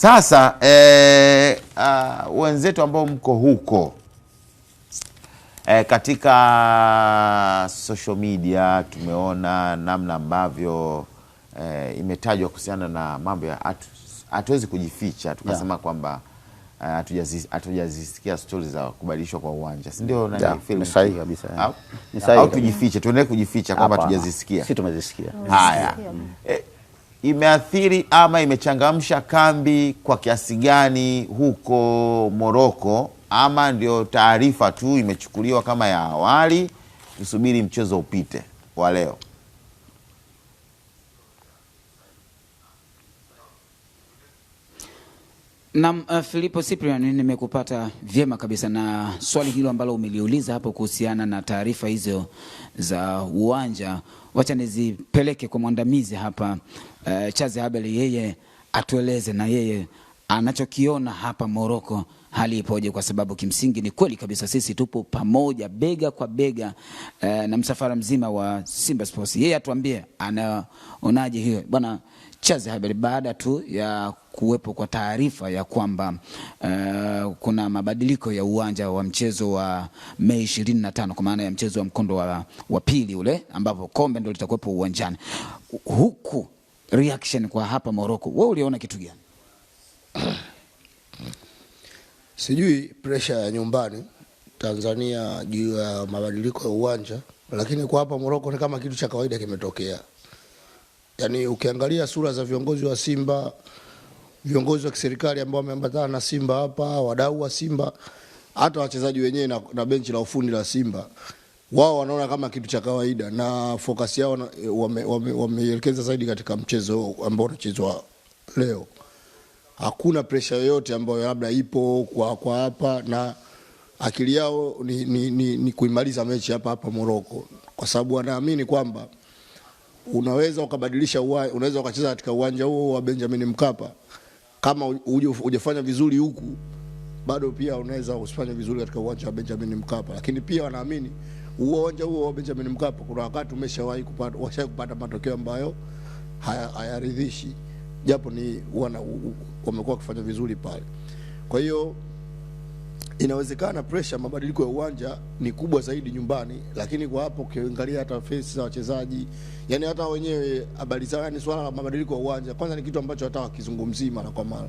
Sasa e, uh, wenzetu ambao mko huko e, katika social media tumeona namna ambavyo e, imetajwa kuhusiana na mambo ya hatuwezi kujificha tukasema yeah. kwamba eh, hatujazisikia stori za kubadilishwa kwa uwanja, si ndio? Au tujifiche, tuendelee kujificha kwamba hatujazisikia. Sisi tumezisikia haya imeathiri ama imechangamsha kambi kwa kiasi gani huko Moroko, ama ndio taarifa tu imechukuliwa kama ya awali, kusubiri mchezo upite wa leo? Na uh, eh, Filipo Cyprian nimekupata vyema kabisa na swali hilo ambalo umeliuliza hapo kuhusiana na taarifa hizo za uwanja, wacha nizipeleke kwa mwandamizi hapa uh, eh, Chazi Habeli, yeye atueleze na yeye anachokiona hapa Moroko hali ipoje, kwa sababu kimsingi ni kweli kabisa sisi tupo pamoja bega kwa bega uh, na msafara mzima wa Simba Sports. Yeye atuambie anaonaje hiyo bwana Chazi Habeli baada tu ya kuwepo kwa taarifa ya kwamba uh, kuna mabadiliko ya uwanja wa mchezo wa Mei 25 kwa maana ya mchezo wa mkondo wa, wa pili ule ambapo kombe ndio litakuwepo uwanjani huku. Reaction kwa hapa Morocco, wewe uliona kitu gani? Sijui pressure ya nyumbani Tanzania juu ya mabadiliko ya uwanja, lakini kwa hapa Morocco ni kama kitu cha kawaida kimetokea. Yaani ukiangalia sura za viongozi wa Simba viongozi wa kiserikali ambao wameambatana na Simba hapa, wadau wa Simba, hata wachezaji wenyewe na, na benchi la ufundi la Simba, wao wanaona kama kitu cha kawaida na focus yao wameielekeza eh, wame, wame zaidi katika mchezo ambao unachezwa leo. Hakuna presha yoyote ambayo labda ipo kwa, kwa hapa na akili yao ni, ni, ni, ni kuimaliza mechi hapa hapa Moroko, kwa sababu wanaamini kwamba unaweza ukabadilisha uwa, unaweza ukacheza katika uwanja huo wa Benjamin Mkapa kama hujafanya vizuri huku bado pia unaweza usifanye vizuri katika uwanja wa Benjamin Mkapa, lakini pia wanaamini uwanja huo wa Benjamin Mkapa kuna wakati umeshawahi kupata, washawahi kupata matokeo ambayo hayaridhishi haya, japo ni wamekuwa wakifanya vizuri pale, kwa hiyo inawezekana pressure mabadiliko ya uwanja ni kubwa zaidi nyumbani, lakini kwa hapo ukiangalia hata face za wachezaji, yani hata wenyewe habari zao, yani swala la mabadiliko ya uwanja kwanza ni kitu ambacho hata wakizungumzii mara kwa mara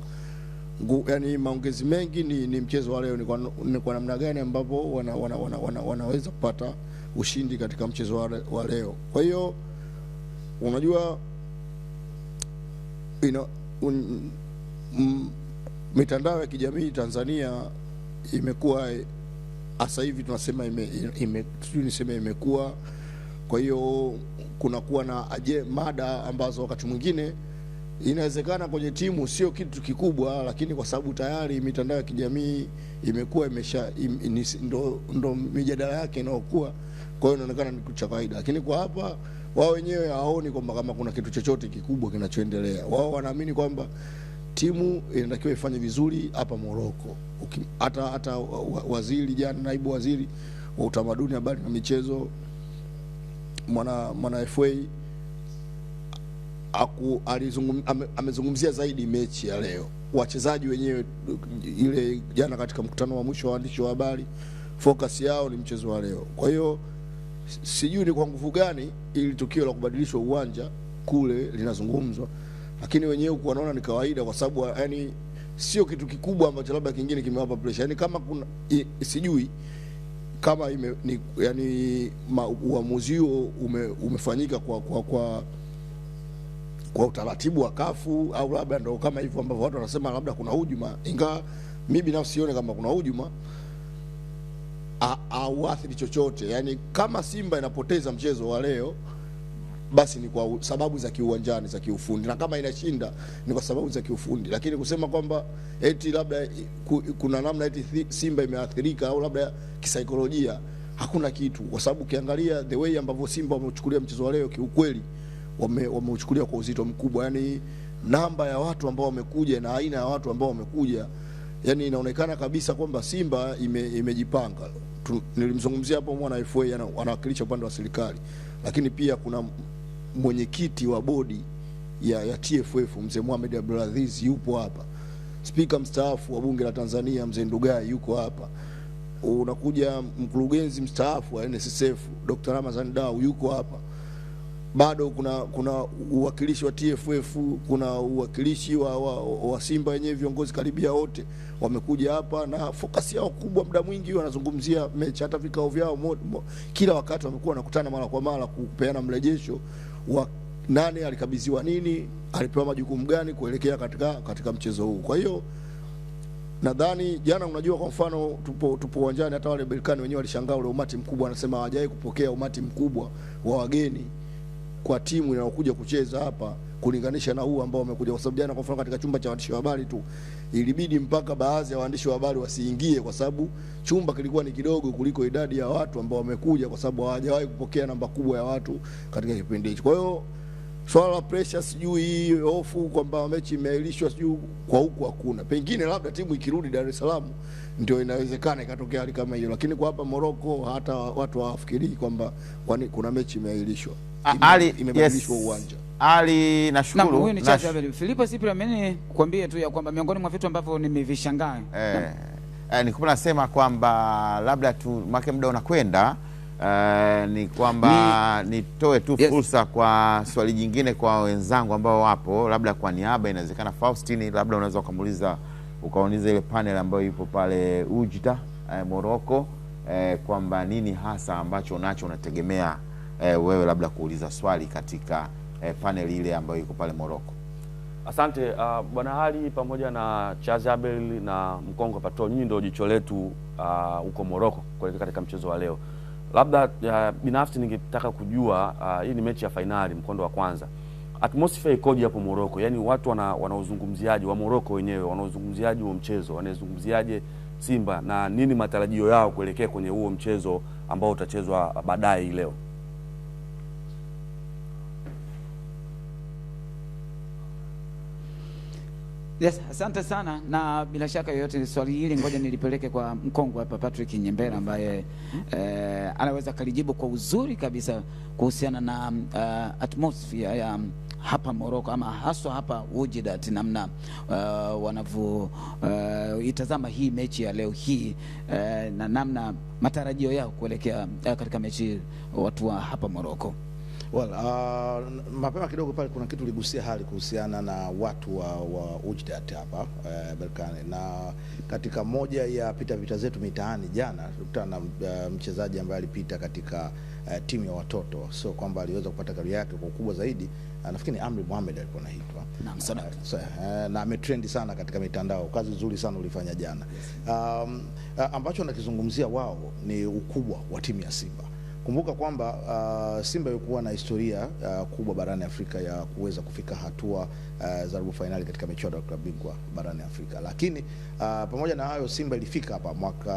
yani maongezi mengi ni, ni mchezo wa leo ni kwa, ni kwa namna gani ambapo wana, wana, wana, wana, wanaweza kupata ushindi katika mchezo wa leo. Kwa hiyo unajua know, un, mitandao ya kijamii Tanzania imekuwa hasa hivi tunasema ime, ime, niseme imekuwa. Kwa hiyo kunakuwa na aje, mada ambazo wakati mwingine inawezekana kwenye timu sio kitu kikubwa, lakini kwa sababu tayari mitandao ya kijamii imekuwa imesha im, ndo, ndo mijadala yake inayokuwa, kwa hiyo inaonekana ni kitu cha kawaida, lakini kwa hapa wao wenyewe hawaoni kwamba kama kuna kitu chochote kikubwa kinachoendelea. Wao wanaamini kwamba timu inatakiwa ifanye vizuri hapa Moroko. Hata hata waziri jana, naibu waziri wa utamaduni, habari na michezo, mwana mwana FA aku amezungumzia zaidi mechi ya leo, wachezaji wenyewe. Ile jana katika mkutano wa mwisho wa waandishi wa habari, focus yao ni mchezo wa leo. Kwa hiyo sijui ni kwa nguvu gani ili tukio la kubadilishwa uwanja kule linazungumzwa lakini wenyewe wanaona ni kawaida, kwa sababu yani sio kitu kikubwa ambacho labda kingine kimewapa pressure. Yani kama kuna sijui kama ime, ni, yani uamuzi huo ume, umefanyika kwa, kwa, kwa kwa utaratibu wa kafu au labda ndo kama hivyo ambavyo watu wanasema labda kuna hujuma, ingawa mi binafsi sione kama kuna hujuma auathiri chochote. Yani kama Simba inapoteza mchezo wa leo basi ni kwa sababu za kiuwanjani za kiufundi, na kama inashinda ni kwa sababu za kiufundi. Lakini kusema kwamba eti labda kuna namna eti Simba imeathirika au labda kisaikolojia, hakuna kitu, kwa sababu ukiangalia the way ambavyo Simba wameuchukulia mchezo wa leo, kiukweli wameuchukulia kwa uzito mkubwa, yani namba ya watu ambao wamekuja na aina ya watu ambao wamekuja, yani inaonekana kabisa kwamba Simba ime, imejipanga. Nilimzungumzia hapo mwana FA anawakilisha upande wa serikali, lakini pia kuna mwenyekiti wa bodi ya, ya TFF mzee Mohamed Abdulaziz yupo hapa, spika mstaafu wa bunge la Tanzania mzee Ndugai yuko hapa, unakuja mkurugenzi mstaafu wa NSSF Dr. Ramazan Dau yuko hapa bado kuna kuna uwakilishi wa TFF, kuna uwakilishi wa, wa, wa Simba wenyewe, viongozi karibia wote wamekuja hapa na fokasi yao kubwa, muda mwingi wanazungumzia mechi. Hata vikao vyao kila wakati wamekuwa wanakutana mara kwa mara kupeana mrejesho wa nani alikabidhiwa nini, alipewa majukumu gani kuelekea katika, katika mchezo huu. Kwa hiyo nadhani jana, unajua, kwa mfano tupo tupo uwanjani, hata wale Berkane wenyewe walishangaa ule umati mkubwa, anasema hawajawahi kupokea umati mkubwa wa wageni kwa timu inayokuja kucheza hapa kulinganisha na huu ambao wamekuja, kwa sababu jana, kwa mfano, katika chumba cha waandishi wa habari tu ilibidi mpaka baadhi ya waandishi wa habari wasiingie, kwa sababu chumba kilikuwa ni kidogo kuliko idadi ya watu ambao wamekuja, kwa sababu hawajawahi kupokea namba kubwa ya watu katika kipindi hicho. Kwa hiyo swala la pressure, sijui hofu kwamba mechi imeahirishwa, sijui kwa huku hakuna. Pengine labda timu ikirudi Dar es Salaam ndio inawezekana ikatokea hali kama hiyo, lakini kwa hapa Morocco hata watu hawafikirii kwamba kwani kuna mechi imeahirishwa. Ah, imebadilishwa uwanja ali nashukuru na Filipo Cyprian, mimi kuambie tu ya kwamba miongoni mwa vitu ambavyo nimevishangaa eh, eh, nilikuwa nasema kwamba labda tu make muda unakwenda eh, ni kwamba ni, nitoe tu yes, fursa kwa swali jingine kwa wenzangu ambao wapo labda kwa niaba, inawezekana Faustini, labda unaweza ukamuuliza ukauliza ile panel ambayo ipo pale Ujda eh, Moroko eh, kwamba nini hasa ambacho unacho unategemea eh, wewe labda kuuliza swali katika eh, paneli ile ambayo iko pale Moroko. Asante uh, Bwana Hali pamoja na Chazabel na mkongo Patrol, nyinyi ndio jicho letu ah, huko uh, Moroko kuelekea katika mchezo wa leo. Labda uh, binafsi ningetaka kujua uh, hii ni mechi ya fainali mkondo wa kwanza, atmosphere ikoje hapo Moroko? Yaani watu wana wanaozungumziaje wa Moroko wenyewe wanaozungumziaje huo mchezo, wanaezungumziaje Simba na nini matarajio yao kuelekea kwenye huo mchezo ambao utachezwa baadaye leo? Yes, asante sana na bila shaka yoyote swali hili ngoja nilipeleke kwa mkongwe hapa Patrick Nyembera ambaye eh, anaweza kalijibu kwa uzuri kabisa kuhusiana na uh, atmosphere ya hapa Moroko ama haswa hapa Wydad namna uh, eh, wanavyoitazama eh, uh, hii mechi ya leo hii uh, na namna matarajio yao kuelekea uh, katika mechi watu wa hapa Moroko. Well, uh, mapema kidogo pale kuna kitu ligusia hali kuhusiana na watu wa, wa UJDAT hapa uh, Berkane na katika moja ya pita vita zetu mitaani jana tulikutana na uh, mchezaji ambaye alipita katika uh, timu ya watoto, sio kwamba aliweza kupata kari yake kwa ukubwa zaidi uh, nafikiri Amri Mohamed alikuwa anaitwa na, uh, so, uh, na ametrendi sana katika mitandao. Kazi nzuri sana ulifanya jana. Um, uh, ambacho nakizungumzia wao ni ukubwa wa timu ya Simba Kumbuka kwamba uh, Simba ilikuwa na historia uh, kubwa barani Afrika ya kuweza kufika hatua uh, za robo fainali katika michuano ya klabu bingwa barani Afrika, lakini uh, pamoja na hayo Simba ilifika hapa mwaka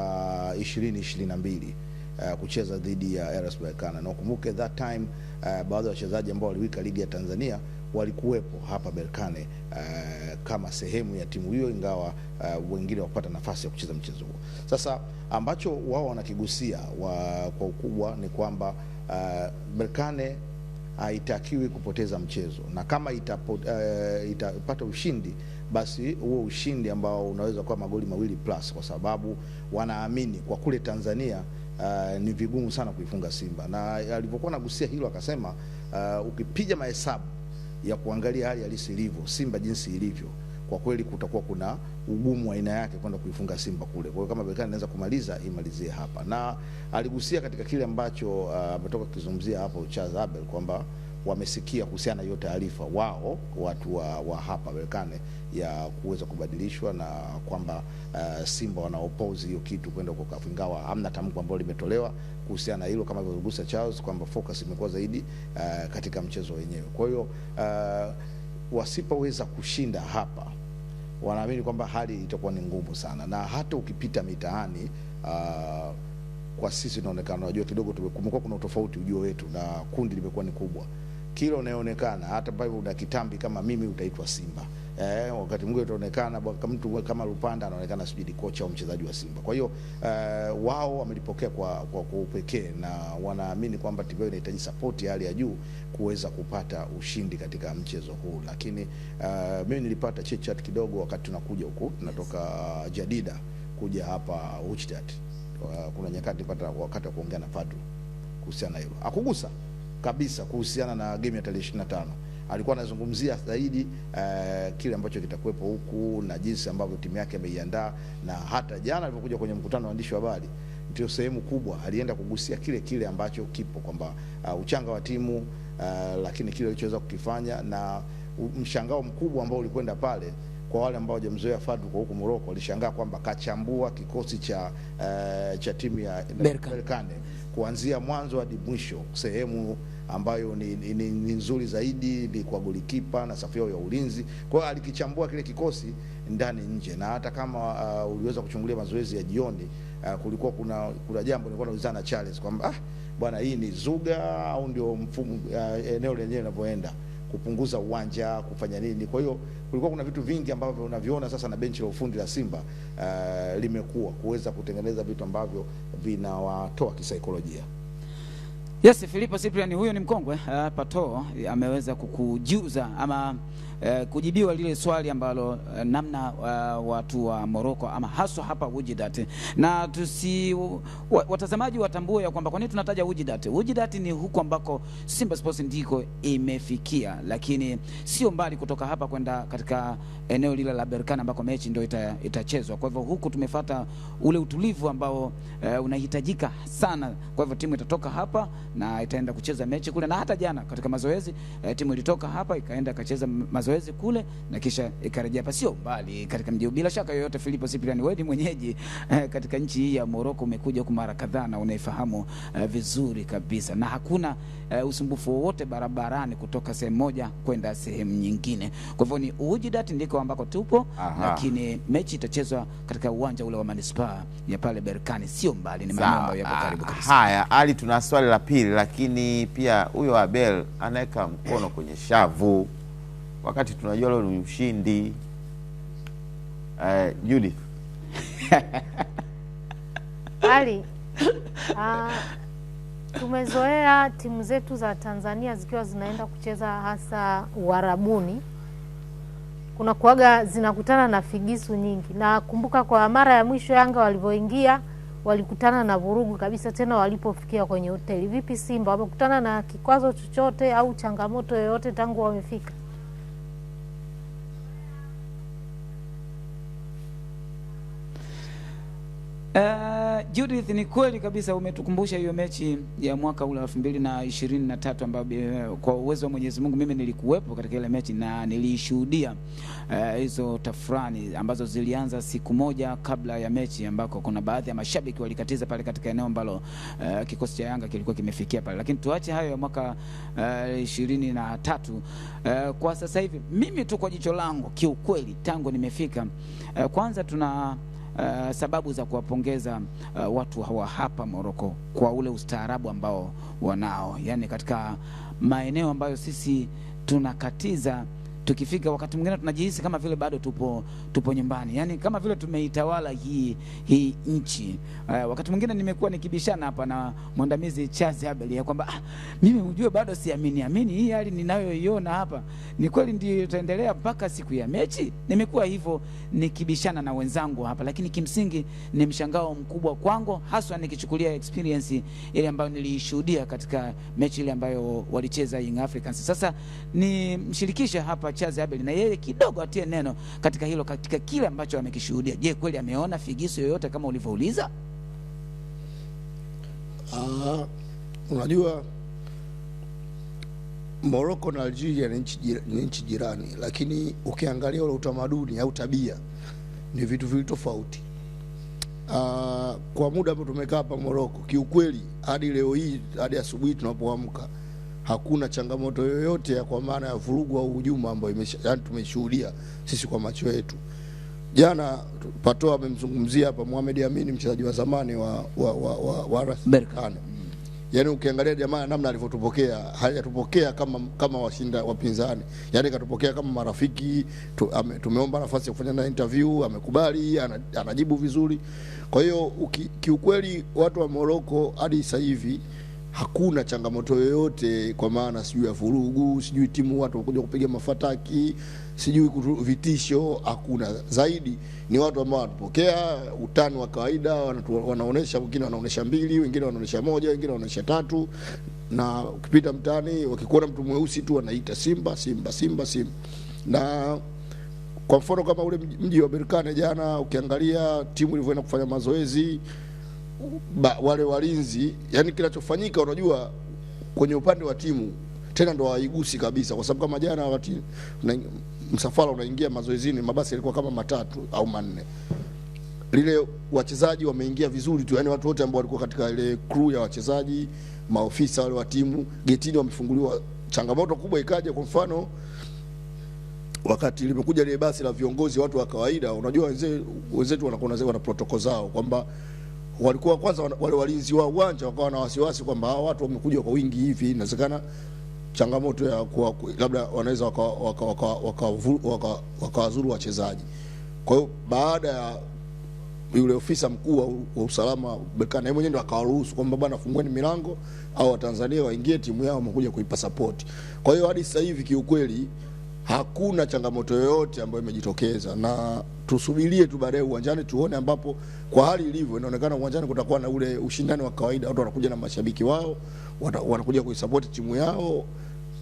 2022 uh, uh, kucheza dhidi ya RS Berkane na ukumbuke that time uh, baadhi ya wachezaji ambao waliwika ligi ya Tanzania walikuwepo hapa Berkane uh, kama sehemu ya timu hiyo, ingawa uh, wengine wakupata nafasi ya kucheza mchezo huo. Sasa ambacho wao wanakigusia wa, kwa ukubwa ni kwamba uh, Berkane haitakiwi kupoteza mchezo na kama itapo, uh, itapata ushindi basi huo ushindi ambao unaweza kuwa magoli mawili plus, kwa sababu wanaamini kwa kule Tanzania uh, ni vigumu sana kuifunga Simba, na alivyokuwa anagusia hilo akasema, uh, ukipiga mahesabu ya kuangalia hali halisi ilivyo, Simba jinsi ilivyo, kwa kweli kutakuwa kuna ugumu wa aina yake kwenda kuifunga Simba kule. Kwa hiyo kama Berkane naweza kumaliza imalizie hapa, na aligusia katika kile ambacho uh, ametoka uh, kukizungumzia hapo Charles Abel kwamba wamesikia kuhusiana hiyo taarifa wao watu wa, wa hapa Berkane ya kuweza kubadilishwa na kwamba uh, Simba wanaopozi hiyo kitu kwenda kwa kafu, ingawa hamna tamko ambalo limetolewa kuhusiana na hilo kama alivyogusa Charles kwamba focus imekuwa zaidi uh, katika mchezo wenyewe. Kwa hiyo uh, wasipoweza kushinda hapa wanaamini kwamba hali itakuwa ni ngumu sana, na hata ukipita mitaani uh, kwa sisi inaonekana, unajua kidogo kumekuwa kuna utofauti ujio wetu na kundi limekuwa ni kubwa, kila unayoonekana hata pale una kitambi kama mimi utaitwa Simba eh, wakati mwingine utaonekana mtu kama Lupanda anaonekana sijui ni kocha au mchezaji wa Simba. Kwa hiyo eh, wao wamelipokea kwa, kwa, kwa upekee na wanaamini kwamba timu inahitaji sapoti ya hali ya juu kuweza kupata ushindi katika mchezo huu. Lakini eh, mimi nilipata chitchat kidogo wakati tunakuja huku tunatoka yes. Jadida kuja hapa Uchtat, eh, kuna nyakati nilipata wakati wa kuongea na Fadlu kuhusiana na hilo, akugusa kabisa kuhusiana na game ya tarehe 25 alikuwa anazungumzia zaidi uh, kile ambacho kitakuwepo huku na jinsi ambavyo timu yake imeiandaa, na hata jana alipokuja kwenye mkutano wa waandishi wa habari ndio sehemu kubwa alienda kugusia kile kile ambacho kipo kwamba uh, uchanga wa timu uh, lakini kile alichoweza kukifanya na mshangao mkubwa ambao ulikwenda pale kwa wale ambao hawajamzoea Fadlu kwa huko Morocco walishangaa kwamba kachambua kikosi cha uh, cha timu ya Berkane kuanzia mwanzo hadi mwisho sehemu ambayo ni, ni, ni, ni nzuri zaidi ni kwa golikipa na safu yao ya ulinzi. Kwa hiyo alikichambua kile kikosi ndani nje, na hata kama uh, uliweza kuchungulia mazoezi ya jioni uh, kulikuwa kuna kuna jambo nilikuwa naulizana na Charles kwamba ah, bwana hii ni zuga au ndio mfumo uh, eneo lenyewe linavyoenda kupunguza uwanja kufanya nini. Kwa hiyo kulikuwa kuna vitu vingi ambavyo unaviona sasa na benchi la ufundi la Simba uh, limekuwa kuweza kutengeneza vitu ambavyo vinawatoa kisaikolojia. Yes, Filipo Cyprian huyo ni mkongwe uh, Pato ameweza kukujuza ama Eh, kujibiwa lile swali ambalo uh, namna uh, watu wa Moroko ama haswa hapa Wujidat, na tusi watazamaji watambue ya kwamba kwa nini tunataja Wujidat. Wujidat ni huku ambako Simba Sports ndiko imefikia, lakini sio mbali kutoka hapa kwenda katika eneo lile la Berkane ambako mechi ndio ita, itachezwa. Kwa hivyo huku tumefata ule utulivu ambao uh, unahitajika sana. Kwa hivyo timu itatoka hapa na itaenda kucheza mechi kule, na hata jana katika mazoezi uh, timu ilitoka hapa ikaenda kacheza mazoezi mazoezi kule na kisha ikarejea hapa, sio mbali katika mji. Bila shaka yoyote, Filipo Cyprian, wewe ni mwenyeji eh, katika nchi hii ya Moroko, umekuja huku mara kadhaa na unaifahamu eh, vizuri kabisa, na hakuna eh, usumbufu wowote barabarani kutoka sehemu moja kwenda sehemu nyingine. Kwa hivyo ni Ujidat ndiko ambako tupo, lakini mechi itachezwa katika uwanja ule wa manispaa ya pale Berkane, sio mbali, ni maeneo ambayo yako karibu kabisa. Haya, Ali, tuna swali la pili, lakini pia huyo Abel anaweka mkono kwenye shavu wakati tunajua leo ni mshindi. Uh, Ali uh, tumezoea timu zetu za Tanzania zikiwa zinaenda kucheza hasa Uarabuni kuna kuaga zinakutana na figisu nyingi. Nakumbuka kwa mara ya mwisho Yanga walivyoingia walikutana na vurugu kabisa, tena walipofikia kwenye hoteli. Vipi Simba wamekutana na kikwazo chochote au changamoto yoyote tangu wamefika? Uh, Judith ni kweli kabisa umetukumbusha hiyo mechi ya mwaka ule elfu mbili na ishirini na tatu ambayo eh, kwa uwezo wa Mwenyezi Mungu mimi nilikuwepo katika ile mechi na nilishuhudia eh, hizo uh, tafrani ambazo zilianza siku moja kabla ya mechi ambako kuna baadhi ya mashabiki walikatiza pale katika eneo ambalo uh, kikosi cha Yanga kilikuwa kimefikia pale, lakini tuache hayo ya mwaka ishirini uh, na tatu. Uh, kwa sasa hivi mimi tu kwa jicho langu kiukweli, tangu nimefika uh, kwanza tuna Eh, sababu za kuwapongeza uh, watu hawa hapa Moroko kwa ule ustaarabu ambao wanao, yani katika maeneo ambayo sisi tunakatiza tukifika wakati mwingine tunajihisi kama vile bado tupo, tupo nyumbani, yani kama vile tumeitawala hii, hii nchi. Uh, wakati mwingine nimekuwa nikibishana hapa na mwandamizi Charles Abel ya kwamba ah, mimi ujue bado siamini amini hii hali ninayoiona hapa ni kweli ndio itaendelea mpaka siku ya mechi. Nimekuwa hivyo nikibishana na wenzangu hapa, lakini kimsingi ni mshangao mkubwa kwangu, haswa nikichukulia experience ile ambayo niliishuhudia katika mechi ile ambayo walicheza Young Africans. Sasa ni nimshirikishe hapa kumwachia Habeli na yeye kidogo atie neno katika hilo, katika kile ambacho amekishuhudia. Je, kweli ameona figisu yoyote kama ulivyouliza? Uh, unajua Morocco na Algeria ni nchi jirani, lakini ukiangalia ule utamaduni au tabia ni vitu vili tofauti. Uh, kwa muda ambao tumekaa hapa Morocco, kiukweli hadi leo hii hadi asubuhi tunapoamka hakuna changamoto yoyote ya kwa maana ya vurugu au hujuma ambayo yani tumeshuhudia sisi kwa macho yetu. Jana Patoa amemzungumzia hapa Mohamed Amini, mchezaji wa zamani wa, wa, wa, wa, wa RS Berkane. Mm. Yani ukiangalia jamaa namna alivyotupokea, hajatupokea kama kama washinda wapinzani, yani katupokea kama marafiki tu, ame, tumeomba nafasi ya kufanya na interview, amekubali, anajibu vizuri. Kwa hiyo kiukweli, watu wa Moroko hadi sasa hivi hakuna changamoto yoyote kwa maana sijui ya vurugu, sijui timu watu wakuja kupiga mafataki, sijui vitisho, hakuna. Zaidi ni watu ambao wanapokea utani wa kawaida, wanaonesha, wengine wanaonesha mbili, wengine wanaonesha moja, wengine wanaonesha tatu, na ukipita mtaani wakikuona mtu mweusi tu wanaita Simba, Simba, Simba, Simba. Na kwa mfano kama ule mji wa Berkane jana, ukiangalia timu ilivyoenda kufanya mazoezi ba, wale walinzi, yani kinachofanyika, unajua kwenye upande wa timu tena ndo waigusi kabisa, kwa sababu kama jana wakati na, msafara unaingia mazoezini, mabasi yalikuwa kama matatu au manne, lile wachezaji wameingia vizuri tu, yani watu wote ambao walikuwa katika ile crew ya wachezaji, maofisa wale wa timu getini wamefunguliwa. Changamoto kubwa ikaja, kwa mfano wakati limekuja lile basi la viongozi, watu wa kawaida, unajua wenzetu wanakuwa wana protokoli zao kwamba walikuwa kwanza wale walinzi wa uwanja wakawa na wasiwasi kwamba hawa watu wamekuja kwa wingi hivi, inawezekana changamoto ya kuwa labda wanaweza wakawazuru wachezaji. Kwa hiyo baada ya yule ofisa mkuu wa usalama Berkane mwenyewe ndo akawaruhusu kwamba bwana, fungueni milango au Watanzania waingie, timu yao wamekuja kuipa support. Kwa hiyo hadi sasa hivi kiukweli hakuna changamoto yoyote ambayo imejitokeza, na tusubirie tu baadaye uwanjani tuone, ambapo kwa hali ilivyo inaonekana uwanjani kutakuwa na ule ushindani wa kawaida, watu wanakuja na mashabiki wao, wanakuja kuisapoti timu yao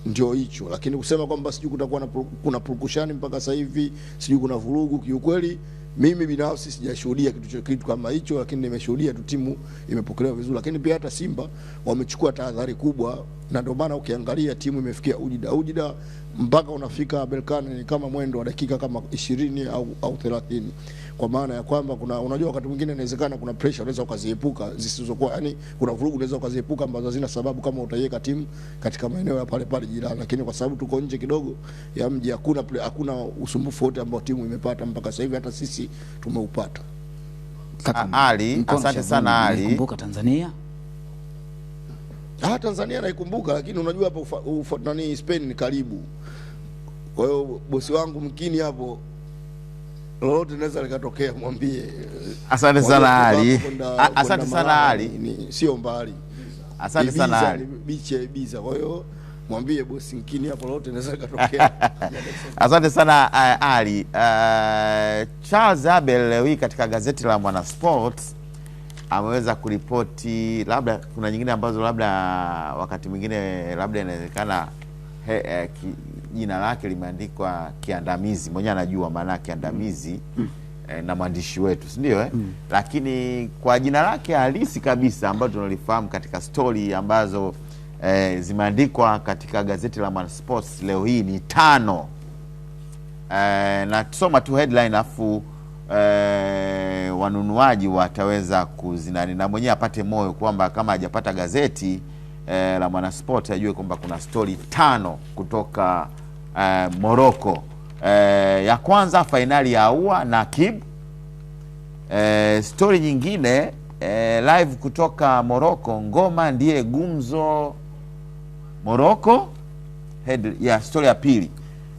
ndio hicho, lakini kusema kwamba sijui kutakuwa na kuna purukushani mpaka sasa hivi, sijui kuna vurugu, kiukweli mimi binafsi sijashuhudia kitu kitu kama hicho, lakini nimeshuhudia tu timu imepokelewa vizuri. Lakini pia hata Simba wamechukua tahadhari kubwa, na ndio maana ukiangalia timu imefikia Ujida. Ujida mpaka unafika Berkane ni kama mwendo wa dakika kama ishirini au, au thelathini kwa maana ya kwamba kuna unajua, wakati mwingine inawezekana kuna pressure unaweza ukaziepuka zisizokuwa, yani kuna vurugu unaweza ukaziepuka ambazo hazina sababu, kama utaiweka timu katika maeneo ya pale pale jirani, lakini kwa sababu tuko nje kidogo ya mji, hakuna hakuna usumbufu wote ambao timu imepata mpaka sasa hivi, hata sisi tumeupata. Ali, asante sana Ali. Kumbuka Tanzania Ah, Tanzania naikumbuka, lakini unajua hapo nani Spain ni karibu. Kwa hiyo bosi wangu mkini hapo, lolote naweza likatokea, mwambie. Asante sana Ali, asante sana Ali, sio mbali, asante sana Ali, biche biza. Kwa hiyo mwambie bosi mkini hapo, lolote naweza likatokea. Asante sana uh, Ali. Uh, Charles Abel leo hii katika gazeti la mwanasport ameweza kuripoti, labda kuna nyingine ambazo labda wakati mwingine labda inawezekana eh, jina lake limeandikwa kiandamizi, mwenyewe anajua maana kiandamizi mm. eh, na mwandishi wetu si ndio eh? mm. Lakini kwa jina lake halisi kabisa ambalo tunalifahamu katika stori ambazo eh, zimeandikwa katika gazeti la MwanaSports leo hii ni tano eh, na tusoma tu headline afu eh, wanunuaji wataweza kuzinani na mwenyewe apate moyo kwamba kama hajapata gazeti eh, la MwanaSport ajue kwamba kuna stori tano kutoka eh, Morocco eh, ya kwanza fainali ya Aua na Kib. eh, stori nyingine eh, live kutoka Morocco, ngoma ndiye gumzo Morocco head ya stori ya pili.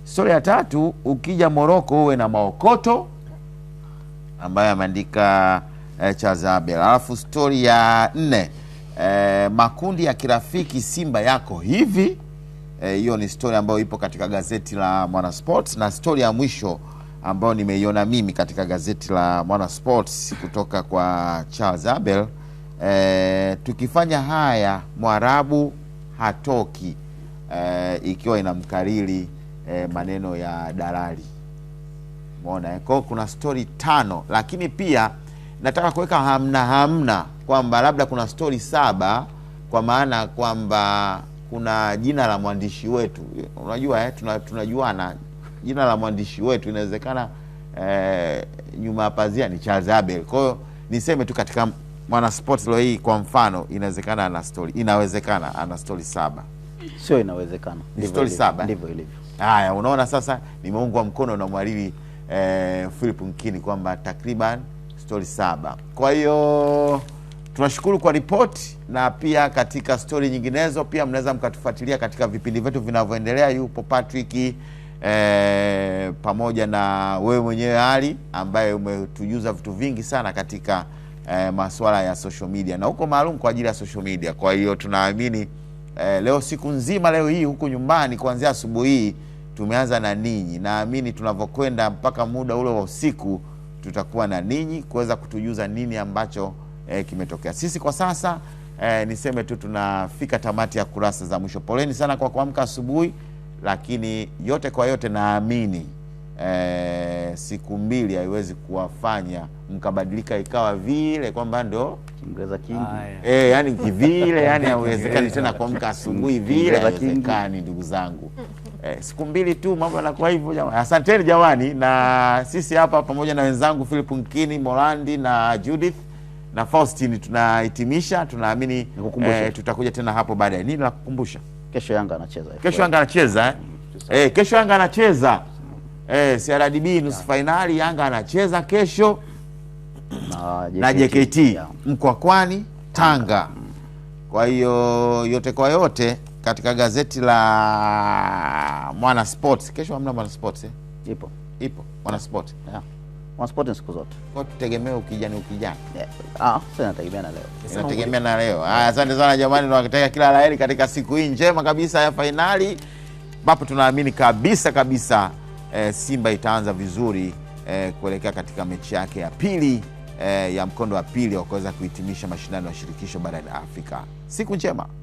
Stori ya tatu, ukija Morocco uwe na maokoto ambayo ameandika eh, Chazabel. Alafu stori ya nne eh, makundi ya kirafiki Simba yako hivi Eh, hiyo e, ni stori ambayo ipo katika gazeti la Mwanasports, na stori ya mwisho ambayo nimeiona mimi katika gazeti la Mwanasports kutoka kwa Charles Abel e, tukifanya haya Mwarabu hatoki e, ikiwa inamkariri e, maneno ya dalali mona kwao. Kuna stori tano, lakini pia nataka kuweka hamna hamna kwamba labda kuna stori saba kwa maana kwamba kuna jina la mwandishi wetu, unajua eh, tunajuana tuna, jina la mwandishi wetu inawezekana eh, nyuma ya pazia ni Charles Abel. Kwa hiyo niseme tu katika mwana sport leo hii kwa mfano, inawezekana ana story, inawezekana ana story saba, sio inawezekana, ni story saba, ndivyo ilivyo. Haya, unaona sasa, nimeungwa mkono na mwalimu eh, Philip Nkini kwamba takriban story saba, kwa hiyo Tunashukuru kwa ripoti na pia katika stori nyinginezo, pia mnaweza mkatufuatilia katika vipindi vyetu vinavyoendelea. Yupo Patrick eh, pamoja na wewe mwenyewe Ali ambaye umetujuza vitu vingi sana katika eh, maswala ya social media na huko maalum kwa ajili ya social media. Kwa hiyo tunaamini eh, leo siku nzima leo hii huku nyumbani kuanzia asubuhi hii tumeanza na ninyi. Naamini tunavyokwenda mpaka muda ule wa usiku tutakuwa na ninyi kuweza kutujuza nini ambacho eh, kimetokea. Sisi kwa sasa eh, niseme tu tunafika tamati ya kurasa za mwisho. Poleni sana kwa kuamka asubuhi, lakini yote kwa yote naamini eh, siku mbili haiwezi kuwafanya mkabadilika ikawa vile kwamba ndo e, yani kivile yani haiwezekani tena kuamka asubuhi vile, haiwezekani ndugu zangu. Eh, siku mbili tu mambo yanakuwa hivyo jamani. Asanteni jamani, na sisi hapa pamoja na wenzangu Philip Nkini Morandi na Judith na Faustine tunahitimisha. Tunaamini eh, tutakuja tena hapo baadaye. Nini la kukumbusha? Kesho Yanga anacheza, kesho Yanga anacheza eh? Mm, eh, kesho Yanga anacheza eh, CRDB nusu fainali. Yanga anacheza kesho na, na JKT Mkwakwani Tanga. Kwa hiyo yote kwa yote katika gazeti la Mwana Sports kesho, hamna Mwana Sports eh? Ipo, ipo Mwana Sports yeah wanaspoti siku zote. Tutegemea ukijani ukijani. Ah, sasa nategemea na leo. Nategemea na leo. Ah, asante sana jamani, tunawatakia kila laheri katika siku hii njema kabisa ya fainali ambapo tunaamini kabisa kabisa eh, Simba itaanza vizuri eh, kuelekea katika mechi yake ya pili eh, ya mkondo wa pili wa kuweza kuhitimisha mashindano ya shirikisho barani Afrika. Siku njema.